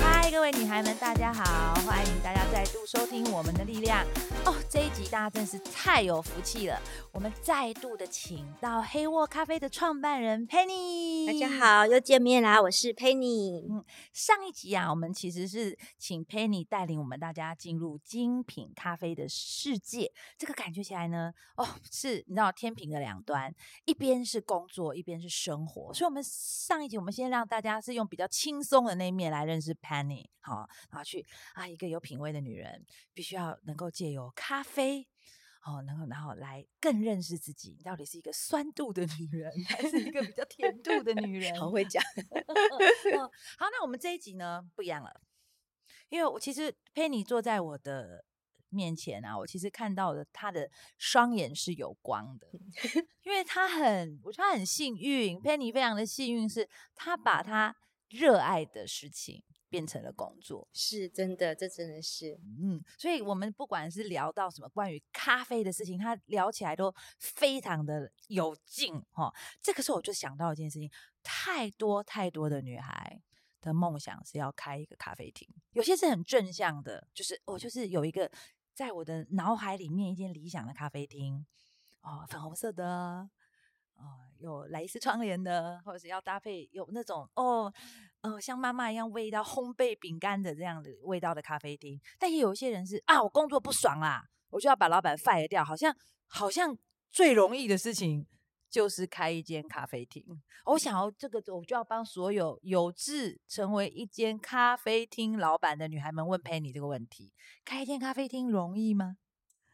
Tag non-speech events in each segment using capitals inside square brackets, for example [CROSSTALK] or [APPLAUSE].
嗨，各位女孩們，大家好，歡迎大家。再度收聽我們的力量哦！這一集大家真是太有福氣了。我們再度的請到黑沃咖啡的創辦人 Penny，大家好，又見面啦！我是 Penny。嗯，上一集啊，我們其實是請 Penny 帶領我們大家進入精品咖啡的世界。這個感覺起來呢，哦，是你知道天平的兩端，一邊是工作，一邊是生活。所以我們上一集，我們先讓大家是用比較輕鬆的那一面來認識 Penny，好，然後去啊，一個有品味的女。女人必須要能夠借由咖啡，哦，能夠然後來更認識自己，你到底是一個酸度的女人，還是一個比較甜度的女人？ [LAUGHS] 好會講、 [LAUGHS] 哦，好，那我們這一集呢不一樣了，因為我其實 Penny 坐在我的面前啊，我其實看到的她的雙眼是有光的，因為她很，我覺得她很幸運，Penny 非常的幸運，是她把她熱愛的事情。變成了工作，是真的，這真的是，嗯，所以我們不管是聊到什麼關於咖啡的事情，他聊起來都非常的有勁哈、哦。這個時候我就想到一件事情，太多太多的女孩的夢想是要開一個咖啡廳，有些是很正向的，就是我、哦、就是有一個在我的腦海裡面一間理想的咖啡廳，哦，粉紅色的。啊、哦，有蕾絲窗簾的，或者是要搭配有那種哦、呃，像媽媽一樣味道烘焙餅乾的這樣的味道的咖啡廳。但是有一些人是啊，我工作不爽啦，我就要把老板 fire 掉，好像好像最容易的事情就是開一間咖啡廳。我想要這個，我就要幫所有有志成為一間咖啡廳老板的女孩們問 Penny 這個問題：開一間咖啡廳容易嗎？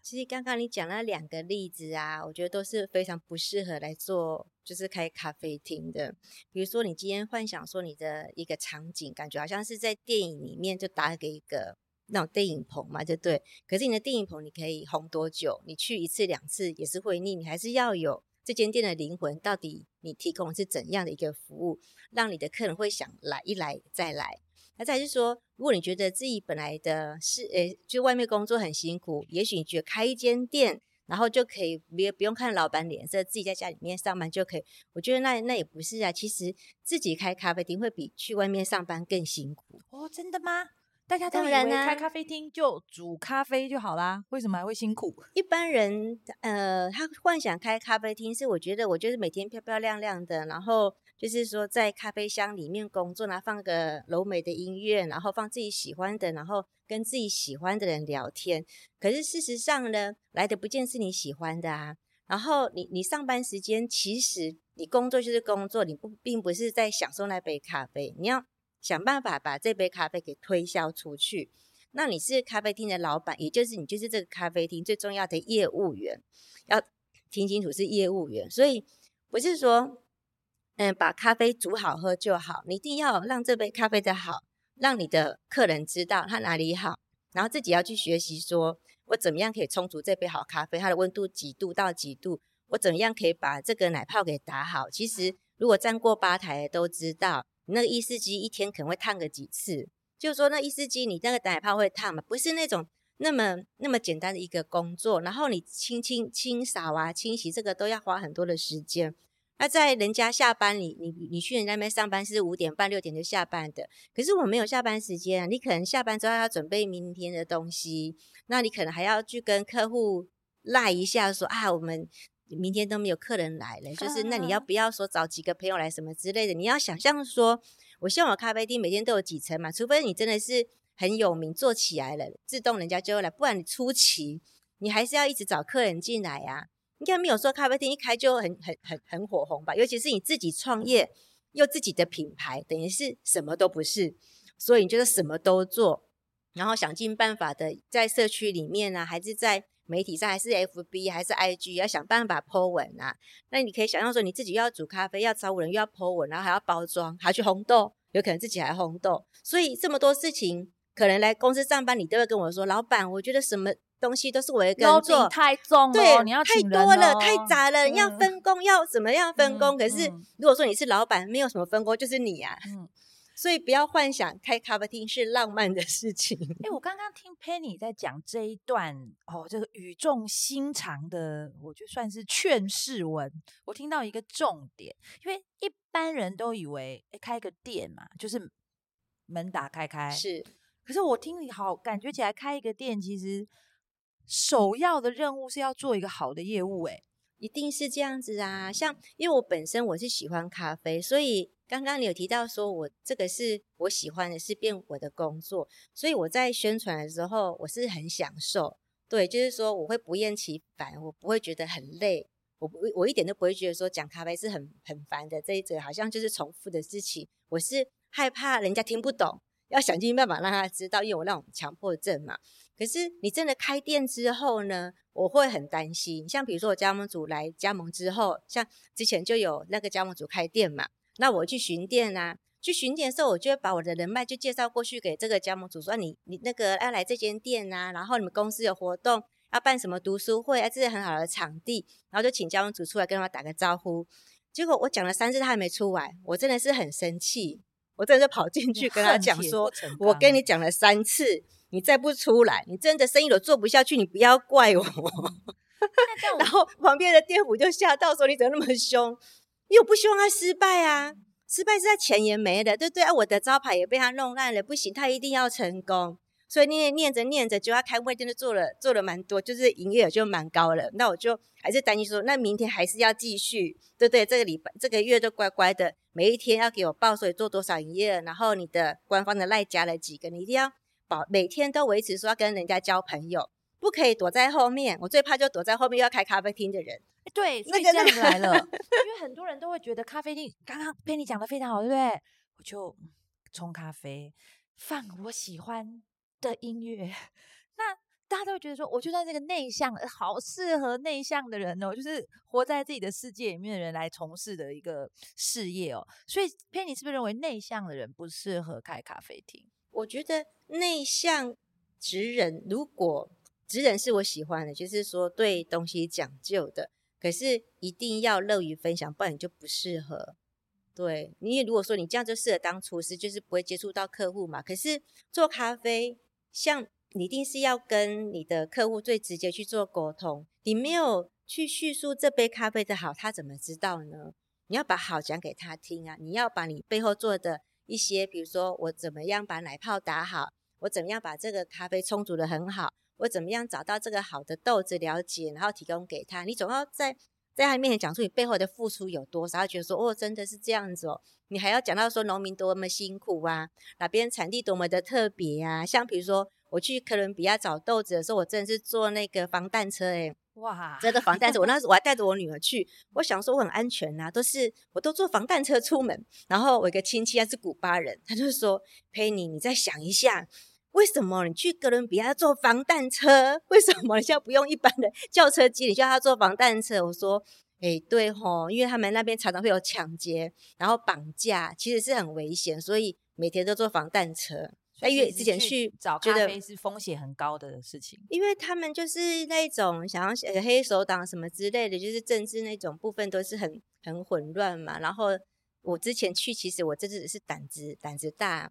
其實剛剛你講了兩個例子啊，我覺得都是非常不適合來做，就是開咖啡廳的。比如說你今天幻想說你的一個場景，感覺好像是在電影裡面，就打給一個那種電影棚嘛，就對。可是你的電影棚你可以紅多久？你去一次兩次也是會膩，你還是要有這間店的靈魂。到底你提供是怎樣的一個服務，讓你的客人會想來一來再來？還是說，如果你覺得自己本來的是誒、欸，就外面工作很辛苦，也許你覺得開一間店，然後就可以別不用看老闆臉色，自己在家裡面上班就可以。我覺得那那也不是啊，其實自己開咖啡廳會比去外面上班更辛苦哦。真的嗎？大家當然呢，開咖啡廳就煮咖啡就好啦，啊、為什麼還會辛苦？一般人呃，他幻想開咖啡廳是我覺得我就是每天漂漂亮亮的，然後。就是說，在咖啡廳裡面工作，呢，放個柔美的音樂，然後放自己喜歡的，然後跟自己喜歡的人聊天。可是事實上呢，來的不見是你喜歡的啊。然後你你上班時間，其實你工作就是工作，你不並不是在享受那杯咖啡。你要想辦法把這杯咖啡給推銷出去。那你是咖啡廳的老板，也就是你就是這個咖啡廳最重要的業務員。要聽清楚是業務員，所以不是說。嗯，把咖啡煮好喝就好。你一定要讓這杯咖啡的好，讓你的客人知道他哪裡好，然後自己要去學習說，我怎麼樣可以沖煮這杯好咖啡？它的溫度幾度到幾度？我怎麼樣可以把這個奶泡給打好？其實，如果站過吧台都知道，那個意式機一天可能會燙個幾次。就是說那意式機，你那個奶泡會燙嗎？不是那種那麼那麼簡單的一個工作。然後你輕輕清掃啊、清洗這個都要花很多的時間。那在人家下班裡，你你你去人家那邊上班是五點半，六點就下班的，可是我沒有下班時間啊。你可能下班之後要準備明天的東西，那你可能還要去跟客戶賴一下說，說啊，我們明天都沒有客人來了，就是那你要不要說找幾個朋友來什麼之類的？你要想象說，我現在我咖啡店每天都有幾層嘛，除非你真的是很有名做起來了，自動人家就會來，不然你初期，你還是要一直找客人進來呀、啊。應該沒有說咖啡店一開就很很很很火紅吧？尤其是你自己創業，又自己的品牌，等於是什麼都不是，所以你覺得什麼都做，然後想盡辦法的在社區裡面啊，還是在媒體上，還是 FB，還是 IG，要想辦法 PO 文啊。那你可以想象說，你自己要煮咖啡，要招人，又要 PO 文，然後還要包裝，還要去烘豆，有可能自己還烘豆，所以這麼多事情，可能來公司上班，你都會跟我說，老闆，我覺得什麼？東西都是我的工作，太重了、哦、對，你要、哦、太多了，太雜了，要分工，要怎麼樣分工？可是如果說你是老闆，沒有什麼分工，就是你呀、啊。嗯、所以不要幻想開咖啡廳是浪漫的事情。哎、欸，我剛剛聽 Penny 在講這一段哦，這個語重心長的，我覺得算是勸世文。我聽到一個重點，因為一般人都以為，哎、欸，開個店嘛，就是門打開開是，可是我聽你好感覺起來，開一個店其實。首要的任務是要做一個好的業務，欸，誒，一定是這樣子啊。像因為我本身我是喜歡咖啡，所以剛剛你有提到說我這個是我喜歡的，是變我的工作，所以我在宣傳的時候，我是很享受。對，就是說我會不厭其煩，我不會覺得很累，我我我一點都不會覺得說講咖啡是很很煩的這一種，好像就是重複的事情。我是害怕人家聽不懂。要想盡辦法讓他知道，因為我那種強迫症嘛。可是你真的開店之後呢，我會很擔心。像比如說，我加盟主來加盟之後，像之前就有那個加盟主開店嘛，那我去巡店啊，去巡店的時候，我就會把我的人脈就介紹過去給這個加盟主，說、啊、你你那個要來這間店啊，然後你們公司有活動要辦什麼讀書會啊，這是很好的場地，然後就請加盟主出來跟他打個招呼。結果我講了三次，他還沒出來，我真的是很生氣。我真的跑進去跟他講說，我跟你講了三次，你再不出來，你真的生意都做不下去，你不要怪我。 [LAUGHS] 哎、我然後旁邊的店主就嚇到說，你怎麼那麼凶？因為我不希望他失敗啊，失敗是他錢也沒了，對不對、啊？我的招牌也被他弄爛了，不行，他一定要成功。所以念念着念着就要開咖啡店，就做了做了蠻多，就是營業額就蠻高了。那我就還是擔心說，那明天還是要繼續，對不對？這個禮拜這個月就乖乖的，每一天要給我報，所以做多少營業，然後你的官方的賴加了幾個，你一定要保每天都維持說要跟人家交朋友，不可以躲在後面。我最怕就躲在後面又要開咖啡廳的人。對，所以這樣子來了， [LAUGHS] 因為很多人都會覺得咖啡廳剛剛被你講的非常好，對不對？我就沖咖啡，放我喜歡的音樂，那大家都會覺得說，我就算這個內向，好適合內向的人喔，就是活在自己的世界裡面的人來從事的一個事業喔。所以，Penny 是不是認為內向的人不適合開咖啡廳？我覺得內向職人，如果職人是我喜歡的，就是說對東西講究的，可是一定要樂於分享，不然你就不適合。對，你如果說你這樣就適合當廚師，就是不會接觸到客戶嘛。可是做咖啡。像你一定是要跟你的客戶最直接去做溝通，你沒有去敘述這杯咖啡的好，他怎麼知道呢？你要把好講給他聽啊！你要把你背後做的一些，比如說我怎麼樣把奶泡打好，我怎麼樣把這個咖啡沖煮得很好，我怎麼樣找到這個好的豆子了解，然後提供給他，你總要在。在他面前講出你背後的付出有多少，他覺得說，哦，真的是這樣子哦。你還要講到說，農民多麼辛苦啊，哪邊產地多麼的特別啊。像比如說我去哥倫比亞找豆子的時候，我真的是坐那個防彈車哎、欸，哇，真的防彈車。我那時我還帶着我女兒去，我想說我很安全吶、啊，都是我都坐防彈車出門。然後我一個親戚他是古巴人，他就說佩妮，你再想一下。為什麼你去哥倫比亞坐防彈車？為什麼你叫不用一般的轎車機，你叫他坐防彈車？我說，哎、欸，對吼，因為他們那邊常常會有搶劫，然後綁架，其實是很危險，所以每天都坐防彈車。哎，月之前去找咖啡是風險很高的事情，因為他們就是那種想要黑手黨什麼之類的，就是政治那種部分都是很很混亂嘛。然後我之前去，其實我這次只是膽子膽子大。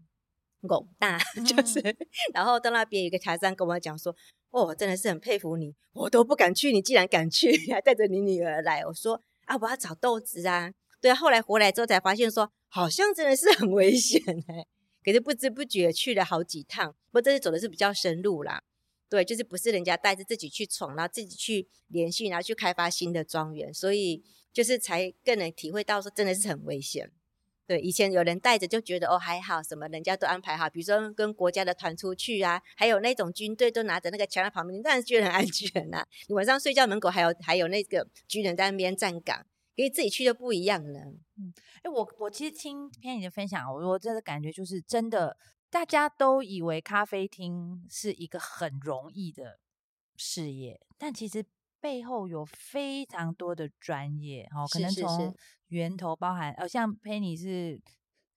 貢大就是，嗯、然後到那邊有個台商跟我講說，哦，真的是很佩服你，我都不敢去，你既然敢去，還帶着你女兒來。我說啊，我要找豆子啊，對啊。後來回來之後才發現說，好像真的是很危險哎、欸。可是不知不覺去了好幾趟，我這次走的是比較深入啦，對，就是不是人家帶着自己去闖，然後自己去聯繫，然後去開發新的莊園，所以就是才更能體會到說，真的是很危險。對，以前有人帶着就覺得哦，還好，什麼人家都安排好。比如說跟國家的團出去啊，還有那種軍隊都拿着那個槍在旁邊，你當然覺得很安全啊。你晚上睡覺門口還有還有那個軍人在那邊站崗，跟自己去就不一樣了。嗯，哎、欸，我我其實聽偏你的分享，我我真的感覺就是真的，大家都以為咖啡廳是一個很容易的事業，但其實。背後有非常多的專業哦，可能從源頭包含是是是哦，像 Penny 是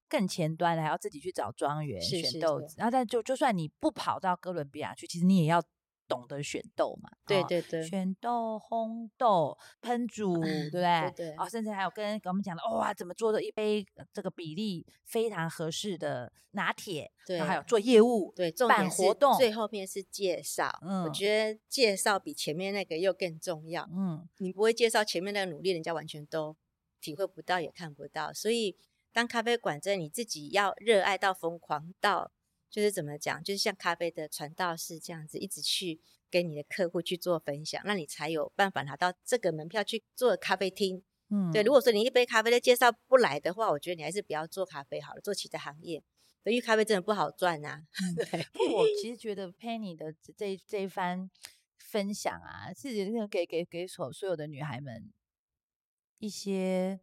更前端的，還要自己去找莊園，是是是選豆子。是是是然後，但就就算你不跑到哥倫比亞去，其實你也要。懂得選豆嘛？哦、對對對，選豆、烘豆、烹煮，嗯、對，對，對對。哦，甚至還有跟、跟我們講的，哇，怎麼做的一杯、呃、這個比例非常合適的拿鐵？對。還有做業務，對，對重點辦活動，最後面是介紹。嗯。我覺得介紹比前面那個又更重要。嗯。你不會介紹，前面那個努力，人家完全都體會不到，也看不到。所以，當咖啡館在你自己要熱愛到瘋狂到。就是怎麼講，就是像咖啡的傳道士這樣子，一直去跟你的客戶去做分享，那你才有辦法拿到這個門票去做咖啡廳。嗯，對。如果說你一杯咖啡都介紹不來的話，我覺得你還是不要做咖啡好了，做其他行業，因為咖啡真的不好賺啊。對。我其實覺得 Penny 的這這一番分享啊，是給給給所所有的女孩們一些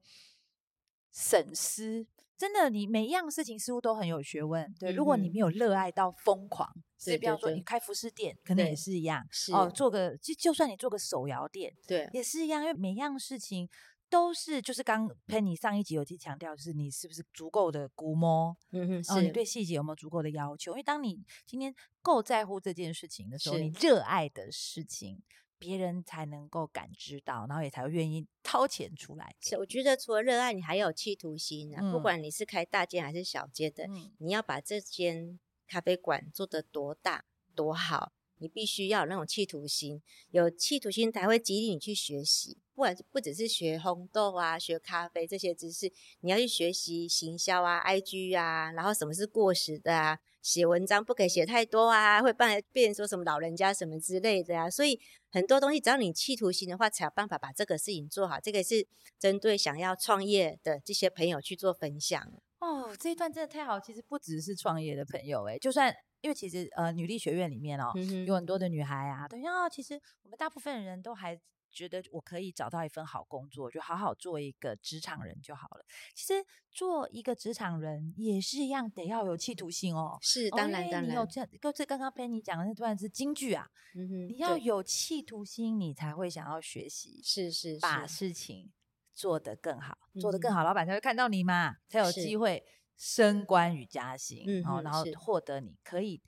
省思。真的，你每一樣事情似乎都很有學問。對，嗯、哼如果你沒有熱愛到瘋狂，所以不要說你開服飾店，對可能也是一樣。對哦，是做個，就就算你做個手窯店，對，也是一樣。因為每一樣事情都是，就是剛 p 你上一集有去強調，是你是不是足夠的估摸？嗯嗯哼，哦，是你對細節有沒有足夠的要求？因為當你今天夠在乎這件事情的時候，是你熱愛的事情。別人才能夠感知到，然後也才願意掏錢出來。所以我覺得除了熱愛你，還有企圖心、啊。嗯、不管你是開大街還是小街的，嗯、你要把這間咖啡館做得多大、多好，你必須要有那種企圖心。有企圖心才會激勵你去學習。不管不只是學烘豆啊、學咖啡這些知識，你要去學習行銷啊、IG 啊，然後什麼是過時的啊。寫文章不可以寫太多啊，會辦變成說什麼老人家什麼之類的呀、啊，所以很多東西只要你企圖心的話，才有辦法把這個事情做好。這個是針對想要創業的這些朋友去做分享。哦，這一段真的太好，其實不只是創業的朋友哎，就算因為其實呃女力學院裡面哦，嗯、哼有很多的女孩啊，等下，其實我們大部分人都還。覺得我可以找到一份好工作，就好好做一個職場人就好了。其實做一個職場人也是一樣，得要有企圖心哦。是，當然當然。Oh, 你有這樣，就剛剛佩妮講的那段是金句啊。嗯、哼你要有企圖心，對你才會想要學習。是是把事情做得更好，是是是做得更好，嗯、哼老板才會看到你嘛，才有機會升官與加薪，然後獲得你可以。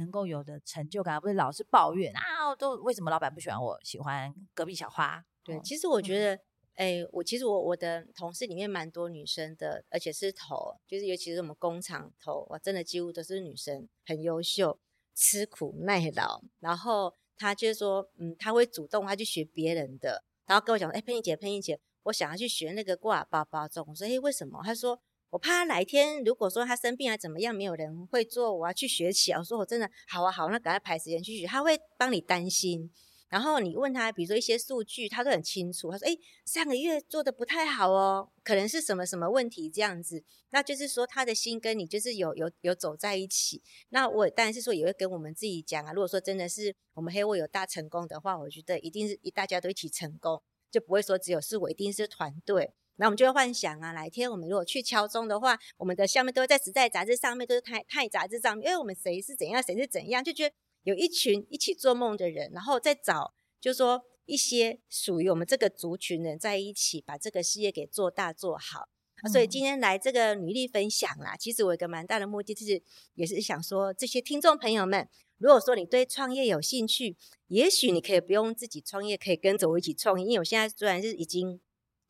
能夠有的成就感，不是老是抱怨啊，都為什麼老板不喜歡我？喜歡隔壁小花。對，嗯、其實我覺得，哎、欸，我其實我我的同事裡面蠻多女生的，而且是頭，就是尤其是我們工廠頭，哇，我真的幾乎都是女生，很優秀，吃苦耐勞。然後她就是說，嗯，她會主動，她去學別人的，然後跟我講，哎、欸，佩妮姐，佩妮姐，我想要去學那個掛包包裝。我說，哎、欸，為什麼？她說。我怕他哪一天如果說他生病啊怎麼樣，沒有人會做，我要去學習。我說我真的好啊好，那趕快排時間去學。他會幫你擔心，然後你問他，比如說一些數據，他都很清楚。他說：哎，上個月做的不太好哦，可能是什麼什麼問題這樣子。那就是說他的心跟你就是有有有走在一起。那我當然是說也會跟我們自己講啊。如果說真的是我們黑沃有大成功的話，我覺得一定是大家都一起成功，就不會說只有是我，一定是團隊。那我們就會幻想啊，哪一天我們如果去敲鐘的話，我們的下面都會在時代雜誌上面，都是太太雜誌上面，因為我們誰是怎樣，誰是怎樣，就覺得有一群一起做夢的人，然後再找，就是說一些屬於我們這個族群的人在一起，把這個事業給做大做好。嗯、所以今天來這個女力分享啦，其實我有一個蠻大的目的就是，也是想說這些聽眾朋友們，如果說你對創業有興趣，也許你可以不用自己創業，可以跟着我一起創業，因為我現在雖然是已經。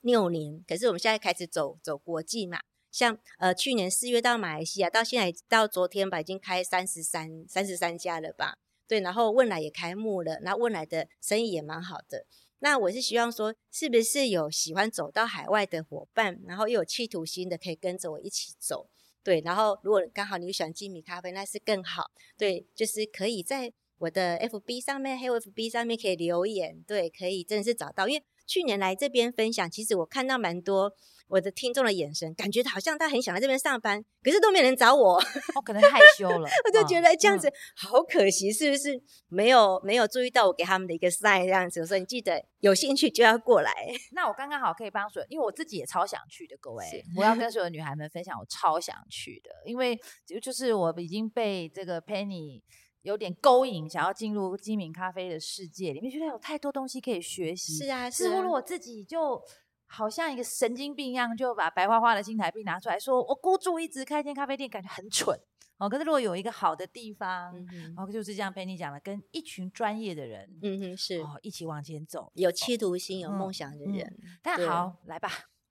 六年，可是我們現在開始走走國際嘛，像呃去年四月到馬來西亞，到現在到昨天吧，已經開三十三三十三家了吧，對，然後汶萊也開幕了，那汶萊的生意也蠻好的。那我是希望說，是不是有喜歡走到海外的夥伴，然後又有企圖心的，可以跟着我一起走，對，然後如果剛好你喜歡精品咖啡，那是更好，對，就是可以在我的 FB 上面，黑沃 FB 上面可以留言，對，可以真的是找到，因為。去年來這邊分享，其實我看到蠻多我的聽眾的眼神，感覺好像他很想來這邊上班，可是都沒人找我。我、哦、可能害羞了， [LAUGHS] 我就覺得這樣子、嗯、好可惜，是不是？沒有、嗯、沒有注意到我給他們的一個 sign 這樣子，我說你記得有興趣就要過來。那我剛剛好可以幫所因為我自己也超想去的，各位，是嗯、我要跟所有女孩們分享，我超想去的，因為就就是我已經被這個 Penny。有點勾引，想要進入精品咖啡的世界裡面，覺得有太多東西可以學習。是啊，是。似乎如果自己就好像一個神經病一樣，就把白花花的新台幣拿出來說，我孤注一擲開一間咖啡店，感覺很蠢哦。可是如果有一個好的地方，然後、嗯哼哦、就是這樣陪你講的，跟一群專業的人，嗯嗯是、哦，一起往前走，有企圖心、嗯、有夢想的人。嗯嗯、但好，對來吧。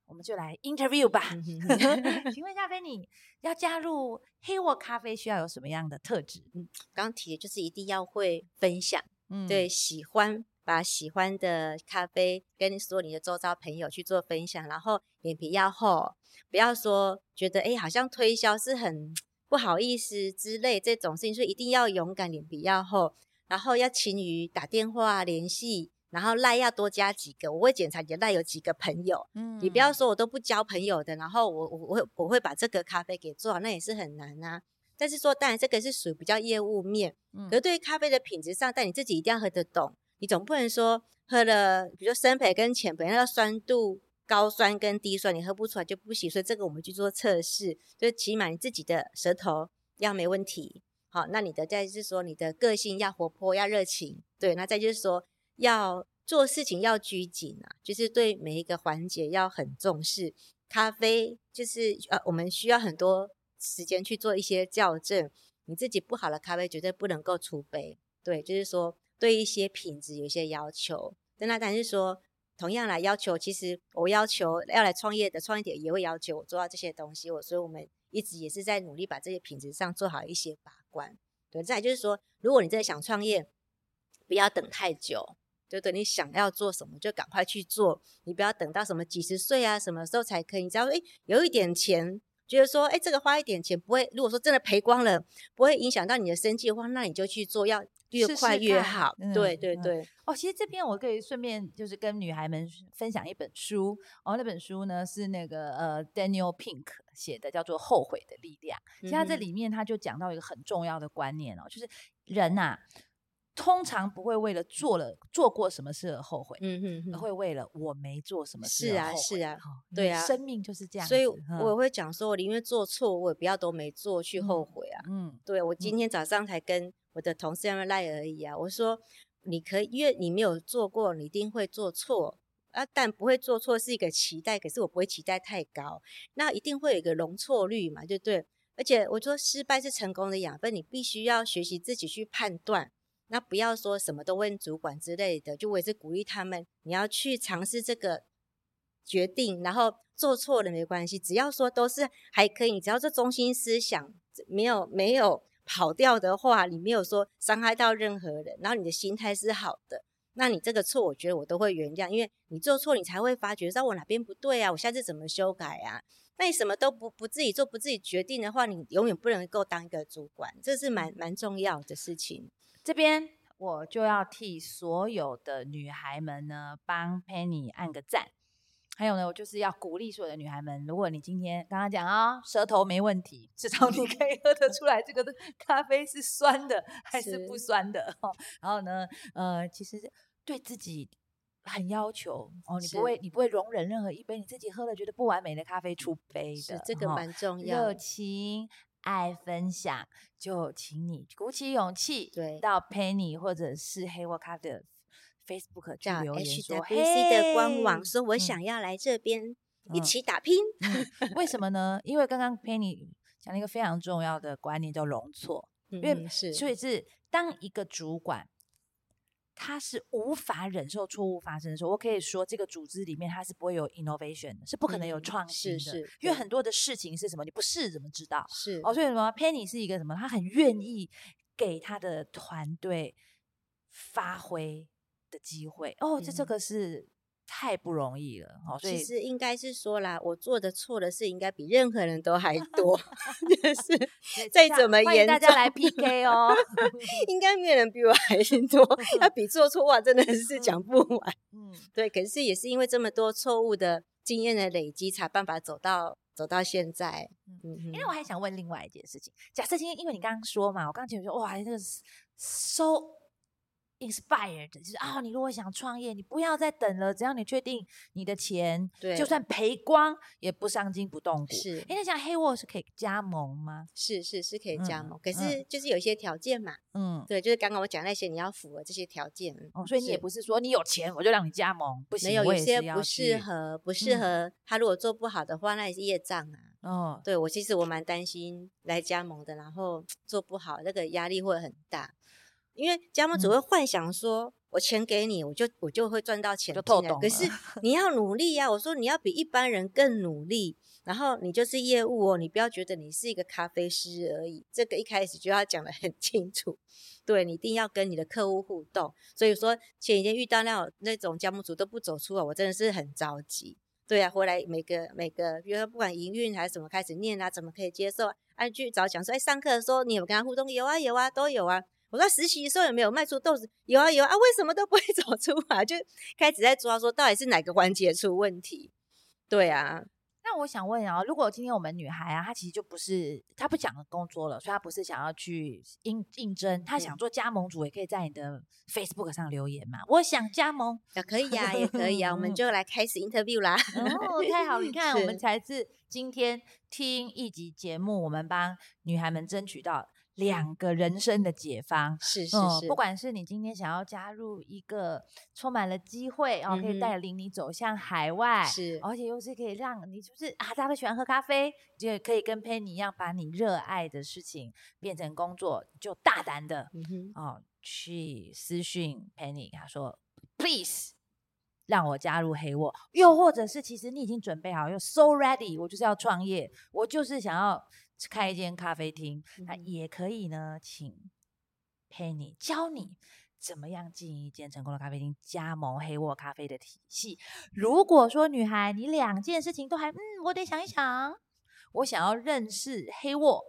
我們就來 interview 吧。 [LAUGHS] [LAUGHS] 請問一下，菲尼要加入黑沃咖啡需要有什麼樣的特質？嗯，剛提的就是一定要會分享，嗯、對，喜歡把喜歡的咖啡跟所有你的周遭朋友去做分享，然後臉皮要厚，不要說覺得哎、欸、好像推銷是很不好意思之類這種事情，所以一定要勇敢，臉皮要厚，然後要勤於打電話聯繫。然後賴要多加幾個，我會檢查你的賴有幾個朋友，嗯，你不要說我都不交朋友的，然後我我我會把這個咖啡給做，那也是很難啊。但是說當然這個是屬於比較業務面，嗯，可是對於咖啡的品質上，但你自己一定要喝得懂，你總不能說喝了，比如說深焙跟淺焙，那個酸度高酸跟低酸，你喝不出來就不行。所以這個我們去做測試，就是起碼你自己的舌頭要沒問題。好，那你的再就是說你的個性要活潑要熱情，對，那再就是說。要做事情要拘謹啊，就是對每一個環節要很重視。咖啡就是呃、啊，我們需要很多時間去做一些校正。你自己不好的咖啡絕對不能夠出杯，對，就是說，對一些品質有一些要求。那但是說同樣來要求，其實我要求要來創業的創業者也會要求我做到這些東西，我所以我們一直也是在努力把這些品質上做好一些把關。對，再來就是說，如果你真的想創業，不要等太久。對對，你想要做什麼就趕快去做，你不要等到什麼幾十歲啊，什麼時候才可以？只要哎有一點錢，覺得說哎這個花一點錢不會，如果說真的賠光了，不會影響到你的生計的話，那你就去做，要越快越好。試試嗯、對對對、嗯。哦，其實這邊我可以順便就是跟女孩們分享一本書，哦，那本書呢是那個呃 Daniel Pink 寫的，叫做《後悔的力量》。嗯嗯，其實它這裡面他就講到一個很重要的觀念哦，就是人啊。通常不會為了做了做過什麼事而後悔，嗯哼，哼，而會為了我沒做什麼事。是啊，是啊，哦、對啊，生命就是這樣。所以我也會講說，我寧願做錯，我也不要都沒做去後悔啊。嗯，嗯，對，我今天早上才跟我的同事們賴而已啊。我說，你可以，因為你沒有做過，你一定會做錯啊。但不會做錯是一個期待，可是我不會期待太高。那一定會有一個容錯率嘛，就對不對？而且我說，失敗是成功的養分，你必須要學習自己去判斷。那不要說什麼都問主管之類的，就我也是鼓勵他們，你要去嘗試這個決定，然後做錯了沒關係，只要說都是還可以，你只要這中心思想沒有沒有跑掉的話，你沒有說傷害到任何人，然後你的心態是好的，那你這個錯我覺得我都會原諒，因為你做錯你才會發覺，知道我哪邊不對啊，我下次怎麼修改啊？那你什麼都不不自己做不自己決定的話，你永遠不能夠當一個主管，這是蠻蠻重要的事情。這邊我就要替所有的女孩們呢幫 Penny 按個讚，還有呢，我就是要鼓勵所有的女孩們，如果你今天剛剛講啊，舌頭沒問題，至少你可以喝得出來這個咖啡是酸的還是不酸的。是哦、然後呢，呃，其實對自己很要求哦，你不會是你不會容忍任何一杯你自己喝了覺得不完美的咖啡出杯的，這個蠻重要的。哦、熱情。愛分享，就請你鼓起勇氣，對到 Penny 或者是 hey w 黑沃卡的 Facebook 去留言，說 HWC 的官網，說 Hey 我想要來這邊一起打拼，嗯嗯嗯。為什麼呢？ [LAUGHS] 因為剛剛 Penny 講了一個非常重要的觀念，叫容錯。嗯、因為是所以是當一個主管。他是無法忍受錯誤發生的時候，我可以說這個組織裡面他是不會有 innovation，是不可能有創新的，嗯、是是因為很多的事情是什麼？對你不試怎麼知道？是哦，所以什麼？Penny 是一個什麼？他很願意給他的團隊發揮的機會。哦，這、嗯、這個是。太不容易了，所以其實應該是說啦，我做的錯的事應該比任何人都還多，就是再怎麼嚴，大家來 PK 哦，應該沒有人比我還多，要比做錯話真的是講不完。對，可是也是因為這麼多錯誤的經驗的累積，才辦法走到走到現在。嗯，因為我還想問另外一件事情，假設今天因為你剛剛說嘛，我剛剛就覺得哇，這個是 so。Inspired 就是啊、哦，你如果想創業，你不要再等了。只要你確定你的錢，對，就算賠光也不傷筋不動骨。是、欸，那像黑沃是可以加盟嗎？是是是可以加盟，嗯、可是就是有一些條件嘛。嗯，對，就是剛剛我講那些，你要符合這些條件、嗯。哦，所以你也不是說你有錢我就讓你加盟，不行，沒有一些不適合，不適合。他如果做不好的話，嗯、那也是業障啊。哦，對我其實我蠻擔心來加盟的，然後做不好，那個壓力會很大。因為加盟主會幻想說，我錢給你，我就我就會賺到錢。可是你要努力呀、啊！我說你要比一般人更努力，然後你就是業務哦，你不要覺得你是一個咖啡師而已。這個一開始就要講得很清楚。對，你一定要跟你的客戶互動。所以說，前幾天遇到那種那種加盟主都不走出來，我真的是很着急。對啊，回來每個每個，比如說不管營運還是什麼，開始念啊，怎麼可以接受？哎，去找講說，哎，上課的時候你有跟他互動？有啊，有啊，都有啊。我說實習的時候有沒有賣出豆子？有啊有啊，為什麼都不會走出啊？就開始在抓說到底是哪個環節出問題？對啊，那我想問啊，如果今天我們女孩啊，她其實就不是她不想工作了，所以她不是想要去應應徵，她想做加盟主也可以在你的 Facebook 上留言嘛？嗯、我想加盟，也可以啊，也可以啊， [LAUGHS] 我們就來開始 Interview 啦。 [LAUGHS] 哦，太好，你看是我們才是今天聽一集節目，我們幫女孩們爭取到。兩個人生的解方，是是是，嗯，不管是你今天想要加入一個充滿了機會，然，哦，後可以帶領你走向海外，是，嗯哼，而且又是可以讓你就是啊，大家都喜歡喝咖啡，就可以跟 Penny 一樣，把你熱愛的事情變成工作，就大膽的，嗯，哼哦，去私訊 Penny 他說 Please 讓我加入黑沃，又或者是其實你已經準備好，又 so ready，我就是要創業，我就是想要。開一間咖啡廳，那也可以呢，請 Penny 教你怎麼樣經營一間成功的咖啡廳。加盟黑沃咖啡的體系。如果說女孩你兩件事情都還，嗯，我得想一想。我想要認識黑沃，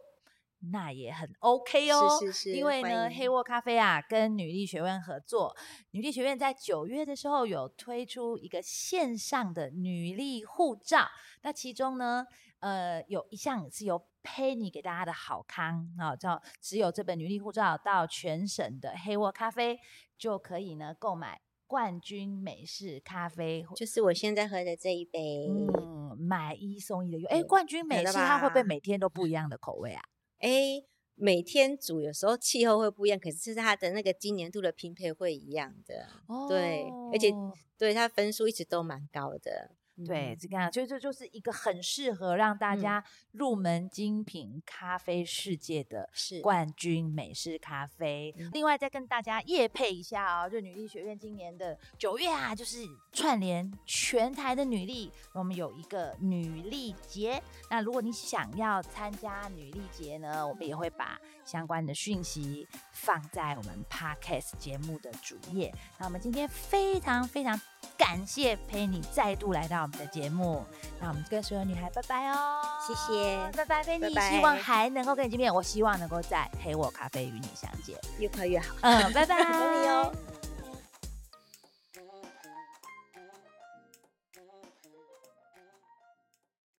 那也很 OK 哦。是是是，因為呢，黑沃咖啡啊，跟女力學院合作。女力學院在九月的時候有推出一個線上的女力護照，那其中呢，呃，有一項是由陪你給大家的好康啊，叫、哦、只有這本女力護照，到全省的黑沃咖啡，就可以呢購買冠軍美式咖啡，就是我現在喝的這一杯。嗯，買一送一的優哎，冠軍美式它會不會每天都不一樣的口味啊？哎、嗯，每天煮有時候氣候會不一樣，可是它的那個今年度的拼配會一樣的。哦、對，而且對它分數一直都蠻高的。對，這個樣，所以這就是一個很適合讓大家入門精品咖啡世界的冠軍美式咖啡。是另外，再跟大家業配一下哦，就女力學院今年的九月啊，就是串聯全台的女力，我們有一個女力節。那如果你想要參加女力節呢，我們也會把。相關的訊息放在我們 podcast 節目的主頁。那我們今天非常非常感謝 Penny 再度來到我們的節目。那我們跟所有女孩拜拜哦，謝謝，拜拜 Penny< 妮>拜希望還能夠跟你見面。我希望能夠在黑沃咖啡與你相見，越快越好。嗯，拜拜，等你哦。